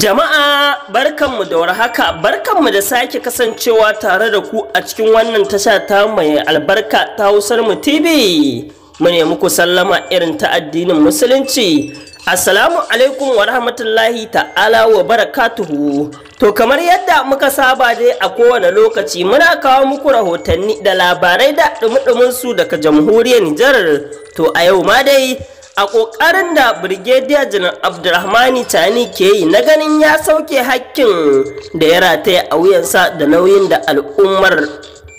Jama'a barkanmu da warhaka barkanmu da sake kasancewa tare da ku a cikin wannan tasha ta mai albarka ta Hausar mu TV. Mu ne muku sallama irin ta addinin Musulunci. Assalamu alaikum wa rahmatullahi ta'ala wa barakatuhu. To kamar yadda muka saba dai a kowane lokaci muna kawo muku rahotanni da labarai da dumudumin su daga jamhuriyar Nijar. To a yau ma dai a ƙoƙarin da brigadier janar abdulrahmani tani ke yi na ganin ya sauke hakkin da ya rataya a wuyansa da nauyin da al'ummar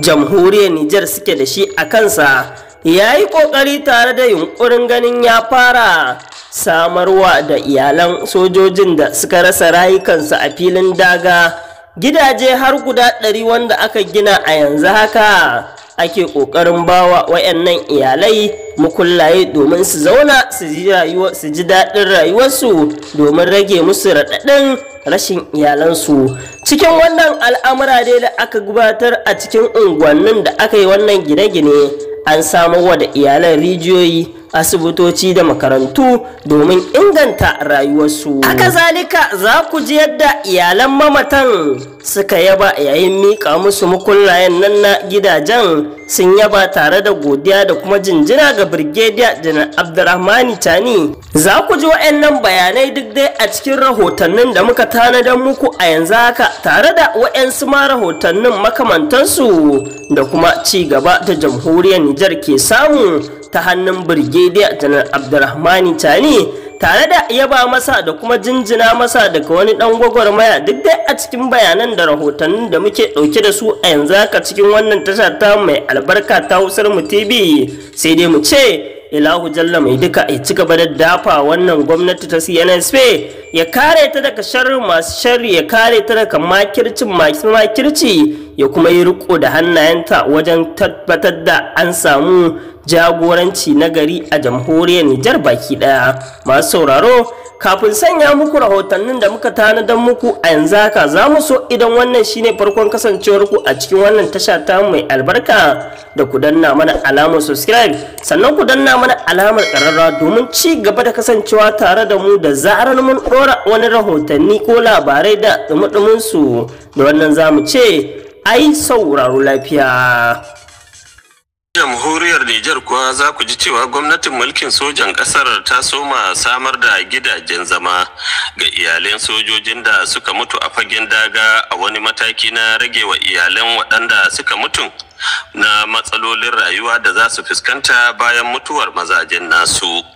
jamhuriyar nijar suke da shi a kansa ya yi ƙoƙari tare da yunƙurin ganin ya fara samarwa da iyalan sojojin da suka rasa rayukansu a filin daga gidaje har guda ɗari wanda aka gina a yanzu haka ake ƙoƙarin bawa wayannan iyalai mukullaye domin su zauna su ji daɗin rayuwarsu domin rage musu raɗaɗin rashin iyalansu cikin wannan al'amura dai da aka gabatar a cikin unguwannin da aka yi wannan gine-gine an samarwa wa da iyalan rijiyoyi asibitoci da makarantu domin inganta rayuwarsu haka zalika za ku ji yadda iyalan mamatan suka yaba yayin miƙa musu mukullayen nan na gidajen sun yaba tare da godiya da kuma jinjina ga birgediya janar abdurrahmani tani za ku ji wa'annan bayanai duk dai a cikin rahotannin da muka tanadar muku a yanzu haka tare da waɗansu ma rahotannin makamantansu da kuma ci gaba da jamhuriyar nijar ke samu ta hannun Birgediya Janar Abdurrahmani Tani tare da yaba masa da kuma jinjina masa daga wani dan gwagwarmaya duk dai a cikin bayanan da rahotannin da muke ɗauke da su a yanzu haka cikin wannan tasha ta mai albarka ta husar mu TV sai dai mu ce ilahu jalla mai duka ya ci gaba da dafa wannan gwamnati ta cnsp ya kare ta daga sharri masu sharri ya kare ta daga makircin masu makirci ya kuma yi riko da hannayenta wajen tabbatar da an samu jagoranci na gari a jamhuriyar Nijar baki ɗaya. Masu sauraro, kafin sanya muku rahotannin da muka tanadar muku a yanzu haka za mu so idan wannan shine farkon kasancewar ku a cikin wannan tasha ta mai albarka da ku danna mana alamar subscribe sannan ku danna mana alamar ƙararra domin ci gaba da kasancewa tare da mu da zarar mun ɗora wani rahotanni ko labarai da dumudumin su da wannan za mu ce ai sauraro lafiya. jamhuriyar Nijar kuwa za ku ji cewa gwamnatin mulkin sojan ƙasar ta soma samar da gidajen zama ga iyalan sojojin da suka mutu a fagen daga a wani mataki na rage wa iyalan waɗanda suka mutu na matsalolin rayuwa da za su fuskanta bayan mutuwar mazajen nasu.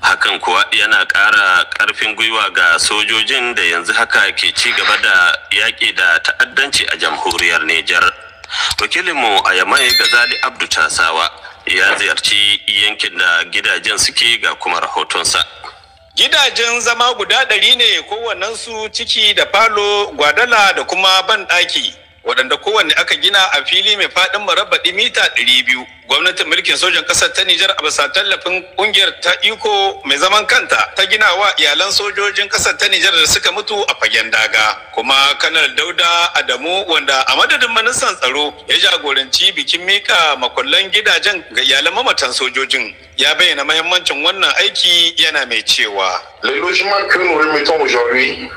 hakan kuwa yana ƙara ƙarfin gwiwa ga sojojin da yanzu haka ke ci gaba da yaƙi da ta'addanci a jamhuriyar Nijar. Wakilinmu a Yamai Gazali Abdu Tasawa ya ziyarci yankin da gidajen suke ga kuma rahotonsa. Gidajen zama guda ɗari ne kowannensu ciki da falo, gwadala da kuma banɗaki, waɗanda kowanne aka gina a fili mai faɗin marabaɗi mita ɗari biyu. gwamnatin mulkin sojan ƙasar ta Nijar a basa tallafin ƙungiyar ta iko mai zaman kanta ta gina wa iyalan sojojin ƙasar ta Nijar da suka mutu a fagen daga. Kuma kanar Dauda Adamu wanda a madadin ministan tsaro ya jagoranci bikin mika makullan gidajen ga iyalan mamatan sojojin ya bayyana mahimmancin wannan aiki yana mai cewa.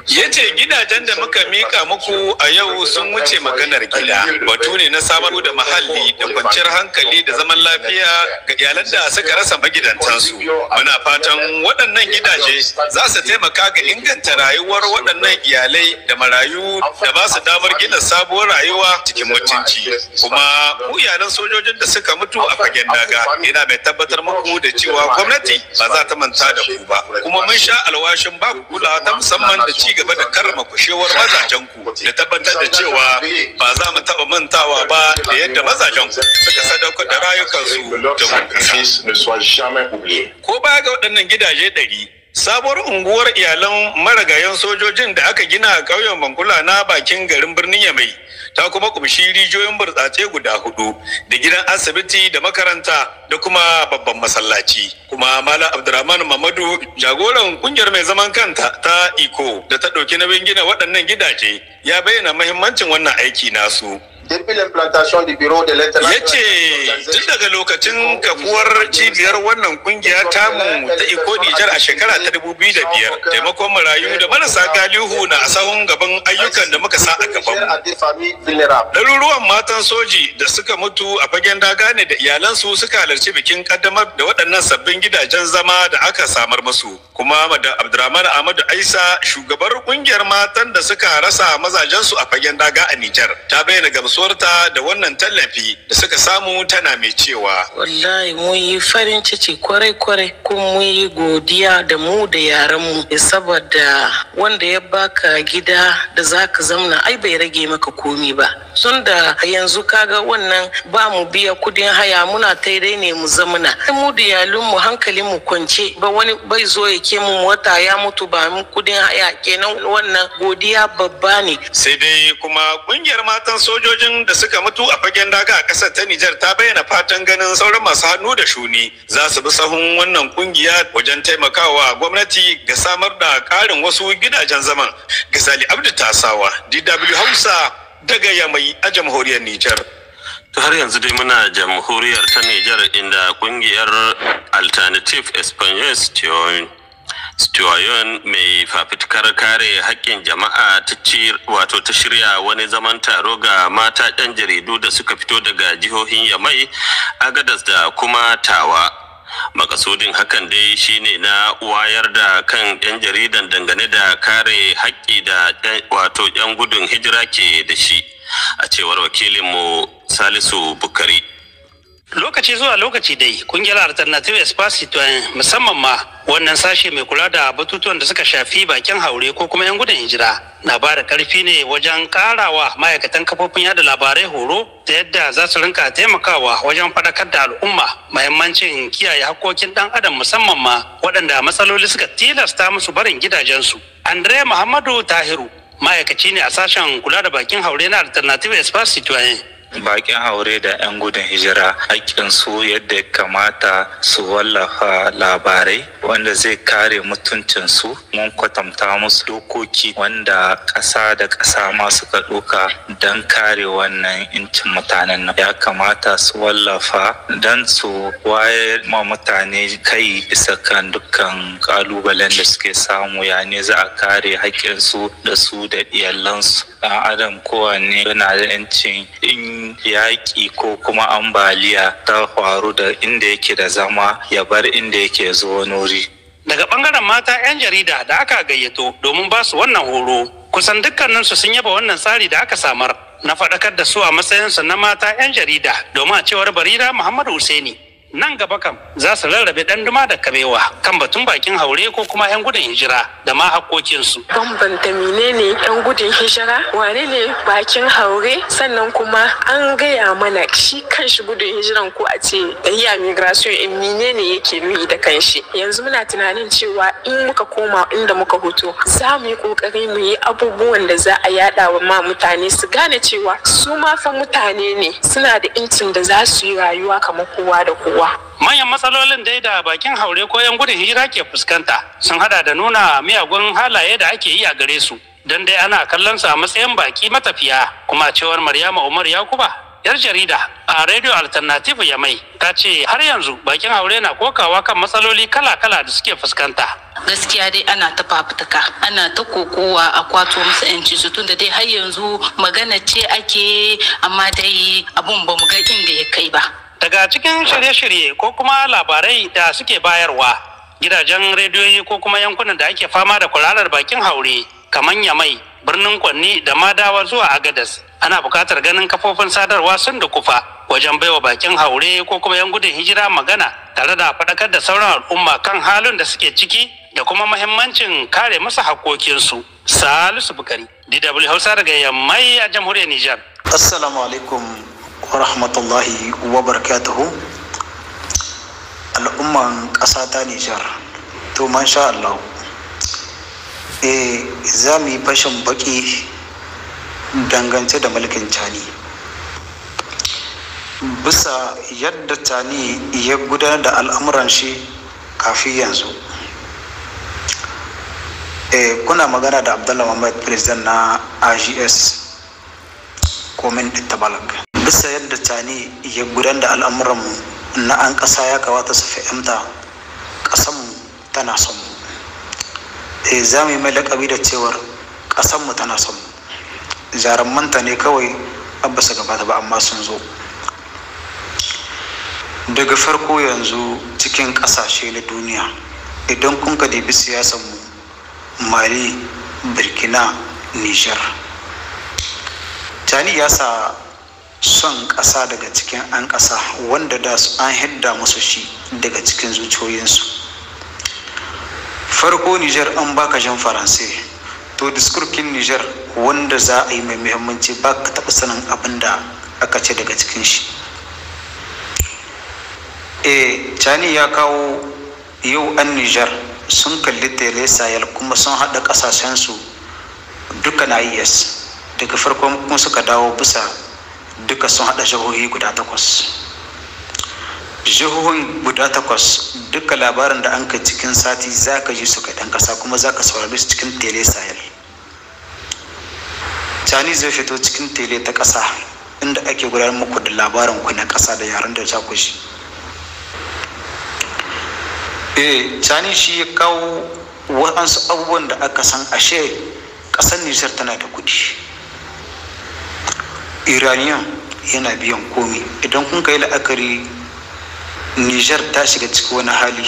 Ya ce gidajen da muka mika muku a yau sun wuce maganar gida. Batu ne na samar da muhalli da kwanciyar hankali da zama zaman lafiya ga iyalan da suka rasa magidantansu muna fatan waɗannan gidaje za su taimaka ga inganta rayuwar waɗannan iyalai da marayu da ba su damar gina sabuwar rayuwa cikin mutunci kuma mu iyalan sojojin da suka mutu a fagen daga ina mai tabbatar muku da cewa gwamnati ba za ta manta da ku ba kuma mun sha alwashin ba kulawa ta musamman da ci gaba da karma kushewar mazajen ku da tabbatar da cewa ba za mu taɓa mantawa ba da yadda mazajen ku suka sadaukar da rayukansu ko baya ga waɗannan gidaje ɗari sabuwar unguwar iyalan maragayan sojojin da aka gina a ƙauyen bankula na bakin garin birnin yamai ta kuma kumshi rijiyoyin burtsatse guda hudu da gidan asibiti da makaranta da kuma babban masallaci kuma malam abdurrahman mamadu jagoran kungiyar mai zaman kanta ta iko da ta ɗauki nauyin gina waɗannan gidaje ya bayyana mahimmancin wannan aiki nasu ya ce tun daga lokacin kafuwar cibiyar wannan kungiya tamu ta iko nijar a shekara ta biyar, taimakon marayu da marasa galihu na a sahun gaban ayyukan da muka sa a gaban ɗaruruwan matan soji da suka mutu a fagen daga ne da iyalansu suka halarci bikin kaddamar da waɗannan sabbin gidajen zama da aka samar musu kuma da abdurrahman ahmadu aisa shugabar kungiyar matan da suka rasa mazajensu a fagen daga a nijar ta bayyana gamsu rasuwarta da wannan tallafi da suka samu tana mai cewa wallahi mun yi farin ciki kwarai-kwarai kuma mun yi godiya da mu da yaranmu eh, saboda wanda ya baka gida da zaka zamna ai bai rage maka komi ba sun da yanzu kaga wannan ba mu biya kudin haya muna taidai ne mu zamana mu da yalunmu hankali mu kwance ba wani bai zo ya ke mu wata ya mutu ba mu kudin haya kenan wannan godiya babba ne sai dai kuma ƙungiyar matan sojoji sojojin da suka mutu a fagen daga a ƙasar ta Nijar ta bayyana fatan ganin sauran masu hannu da shuni za su bi sahun wannan kungiya wajen taimakawa gwamnati ga samar da ƙarin wasu gidajen zaman. Gisali Abdu Tasawa, DW Hausa daga Yamai a jamhuriyar Nijar. ta har yanzu dai muna jamhuriyar ta Nijar inda kungiyar Alternative Espanyol Teoyin Stuart mai fafitkar kare haƙƙin jama'a ta ci wato ta shirya wani zaman taro ga mata 'yan jaridu da suka fito daga jihohin Yamai, Agadas da kuma Tawa. Makasudin hakan dai shine na wayar da kan 'yan jaridan dangane da kare haƙƙi da wato 'yan gudun hijira ke da shi, a cewar wakilinmu Salisu Bukari. Lokaci zuwa lokaci dai kungiyar Alternative Espace musamman ma wannan sashe mai kula da batutuwan da suka shafi bakin haure ko kuma 'yan gudun hijira na ba da karfi ne wajen karawa ma'aikatan kafofin yada labarai horo ta yadda za su rinka taimakawa wajen faɗakar da al'umma mahimmancin kiyaye hakkokin ɗan adam musamman ma waɗanda matsaloli suka tilasta musu barin gidajensu. Andre Muhammadu Tahiru ma'aikaci ne a sashen kula da bakin haure na Alternative Espace Citoyen bakin haure da 'yan gudun hijira su yadda ya kamata su wallafa labarai wanda zai kare mutuncinsu mun kwatanta musu dokoki wanda ƙasa da ƙasa ma suka ɗoka don kare wannan incin mutanen nan ya kamata su wallafa don su wayar ma mutane kai bisa kan dukkan ƙalubalen da suke samu ya ne za a kare haƙƙinsu da su da iyalansu ɗan adam kowanne yana da 'yancin in yaƙi ko kuma ambaliya ta faru da inda yake da zama ya bar inda yake zuwa nuri. Daga ɓangaren mata 'yan jarida da aka gayyato domin ba su wannan horo, kusan dukkaninsu sun yaba wannan tsari da aka samar na faɗakar da su a matsayinsu na mata 'yan jarida domin a cewar Barira Muhammadu Hussaini. nan gaba kam za su rarrabe dan duma da kabewa kan batun bakin haure ko kuma yan gudun hijira da ma hakkokinsu. bambanta menene yan gudun hijira wane ne bakin haure sannan kuma an gaya mana shi kanshi gudun hijiran ko a ce iya migration in menene yake nuni da kanshi yanzu muna tunanin cewa in muka koma inda muka hoto za mu yi kokari mu yi abubuwan da za a yada wa ma mutane su gane cewa su ma fa mutane ne suna da incin da za su yi rayuwa kamar kowa da kowa uwa manyan matsalolin dai da bakin haure ko yan gudun hira ke fuskanta sun hada da nuna miyagun halaye da ake yi a gare su don dai ana kallon su a matsayin baki matafiya kuma cewar maryama umar yakuba yar jarida a radio alternative ya mai ta ce har yanzu bakin haure na kokawa kan matsaloli kala-kala da suke fuskanta gaskiya dai ana ta fafutuka ana ta kokowa a kwato musu yanci su tunda dai har yanzu magana ce ake amma dai abun ba mu ga inda ya kai ba daga cikin shirye-shirye ko kuma labarai da suke bayarwa gidajen rediyoyi ko kuma yankunan da ake fama da kwararar bakin haure kamar yamai birnin kwanni da madawa zuwa agadas ana buƙatar ganin kafofin sadarwa sun da kufa wajen baiwa bakin haure ko kuma yan gudun hijira magana tare da faɗakar da sauran al'umma kan halin da suke ciki da kuma mahimmancin kare masa hakokinsu salisu bukari dw hausa daga yammai a jamhuriyar nijar assalamu alaikum wa rahmatullahi wa barakatuhu al'umman ƙasa ta nijar to sha Allah eh za mu yi fashin baki dangance da mulkin cani bisa yadda cani ya gudanar da al'amuran shi kafin yanzu eh, kuna magana da abdullahi muhammad president na rgs komin balak bisa yadda tani ya gudan da al'amuranmu na an ƙasa ya kawata su fahimta ƙasanmu tana son mu eh, za mu yi mai laƙabi da cewar ƙasanmu tana son mu jaramanta ne kawai abbasa gabata ba amma sun zo daga farko yanzu cikin ƙasashe na duniya idan kun ka dibi siyasanmu mali burkina nijar tani ya sa son ƙasa daga cikin an ƙasa wanda da su an hidda musu shi daga cikin zuciyoyinsu farko niger an baka jan faransai to diskurkin niger wanda za a yi mai muhimmanci ba ka taɓa sanin abin da aka ce daga cikin shi e eh, cani ya kawo yau an niger sun kalli telesayal kuma sun haɗa ƙasashensu dukkan is daga farkon kuma suka dawo bisa duka sun haɗa jihohi guda takwas jihohin guda takwas duka labarin da an ka cikin sati za ka ji su kaɗan ƙasa kuma za ka saurari su cikin tele sahel cani zai fito cikin tele ta ƙasa inda ake gudanar muku da labarin ku na ƙasa da yaren da za ku ji eh cani shi ya kawo wa'ansu abubuwan da aka san ashe ƙasar nijar tana da kuɗi iranian yana biyan komi idan kun kai la'akari niger ta shiga ciki wani hali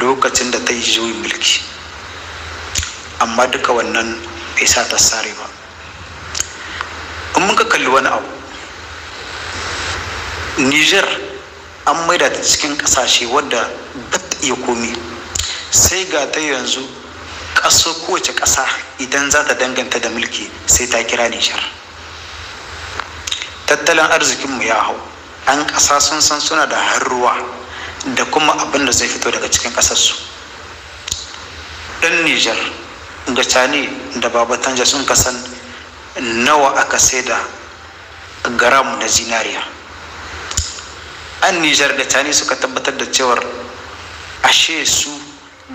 lokacin da ta yi juyin mulki amma duka wannan bai sa ta sare ba in muka kalli wani abu niger an maida ta cikin kasashe wadda ba ta iya komi sai ga ta yanzu kaso kowace kasa idan za ta danganta da mulki sai ta kira niger tattalin arzikinmu ya hau an ƙasa sun san suna da harruwa da kuma abin da zai fito daga cikin ƙasarsu ɗan nijar da cani da babatanja sun kasan nawa aka sai da garamu na zinariya an nijar da cani suka tabbatar da cewar ashe su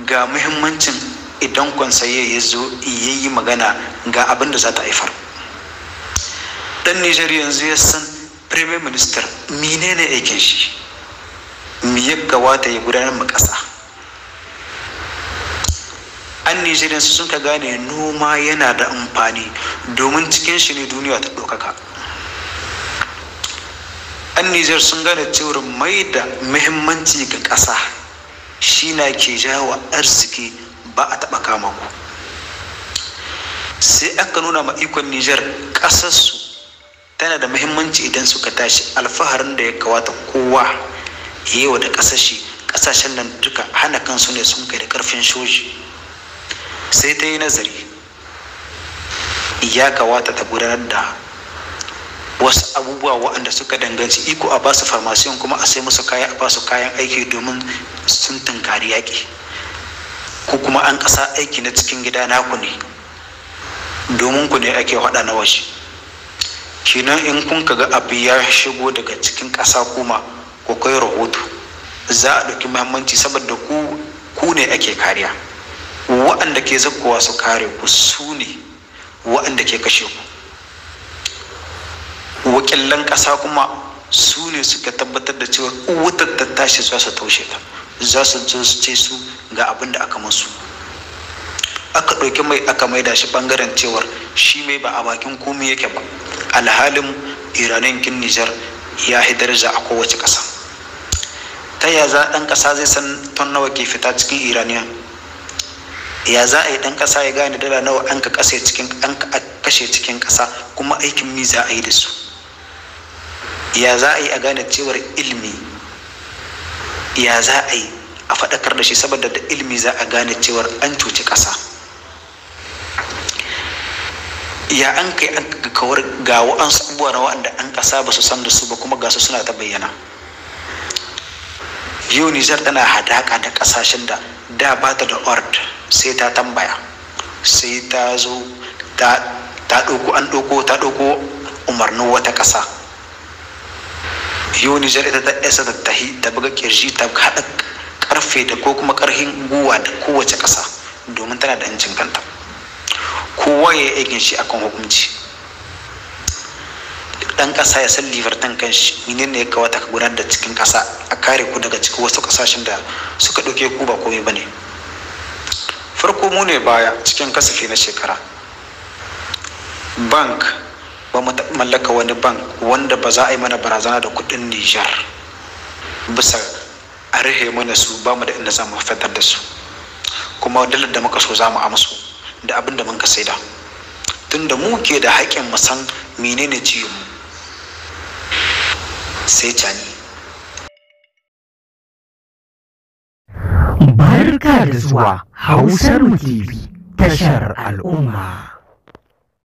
ga muhimmancin idan kwansaye ya zo yayi magana ga abin da za ta haifar dan Nijar yanzu ya san Premier Minister menene aikin shi me ya gawata ya gudanar mu ƙasa an Nijar su sun ka gane noma yana da amfani domin cikin shi ne duniya ta ɗaukaka an Nijar sun gane cewar mai da muhimmanci ga ƙasa shi na ke jawo arziki ba a taɓa kama ku sai aka nuna ma ikon Nijar ƙasarsu yana da muhimmanci idan suka tashi alfaharin da ya kawata kowa yawa da kasashe kasashen nan duka hana kansu ne sun kai da karfin shoji sai ta yi nazari ya kawata ta gudanar da wasu abubuwa waɗanda suka danganci iko a basu farmasiyon kuma a sai musu kaya a basu kayan aiki domin sun tunkari yaƙi ko kuma an ƙasa aiki na cikin gida naku ne domin ku ne ake waɗa na waje kenan in kun ga abu ya shigo daga cikin ƙasa kuma ko kai rahoto za a ɗauki muhimmanci saboda ku ku ne ake kariya wa'anda ke zakkowa su kare ku su ne wa'anda ke kashe ku wakilan ƙasa kuma su ne suka tabbatar da cewa wutar ta tashi za su taushe ta za su ce su ga abin da aka masu aka ɗauki mai aka maida shi ɓangaren cewar shi mai ba a bakin komi yake ba alhalin iranin kin nijar ya yi daraja a kowace ƙasa ta ya za ɗan ƙasa zai san ton nawa ke fita cikin iraniya ya za a yi ɗan ƙasa ya gane dala nawa an ka kashe cikin ƙasa kuma aikin mi za a yi da su ya za a yi a gane cewar ilimi ya za a yi a faɗakar da shi saboda da ilimi za a gane cewar an cuci ƙasa ya an kai an kawar ga wa'ansu abubuwa na wa'anda an kasa ba su san da su ba kuma ga su suna ta bayyana yau nijar tana hadaka da kasashen da da ba ta da ord sai ta tambaya sai ta zo ta ɗauko an ɗauko ta ɗauko umarnin wata ƙasa yau nijar ita ta ɗasa da tahi ta buga kirji ta haɗa ƙarfe da ko kuma ƙarfin guwa da kowace ƙasa domin tana da 'yancin kanta kowa ya yi aikin shi akan hukunci dan kasa ya san libertan kan shi menene ya kawo ta gudanar da cikin kasa a kare ku daga cikin wasu kasashen da suka ɗauke ku ba komai bane farko mu ne baya cikin kasafi na shekara bank ba mu mallaka wani bank wanda ba za a yi mana barazana da kuɗin nijar bisa a rihe mana su ba mu da inda za mu fitar da su kuma dalar da muka so za mu amsu da abin da mun ka saida tunda mu ke da haƙƙin mu san menene jiyo mu sai cani barka da zuwa hausar tv tashar al'umma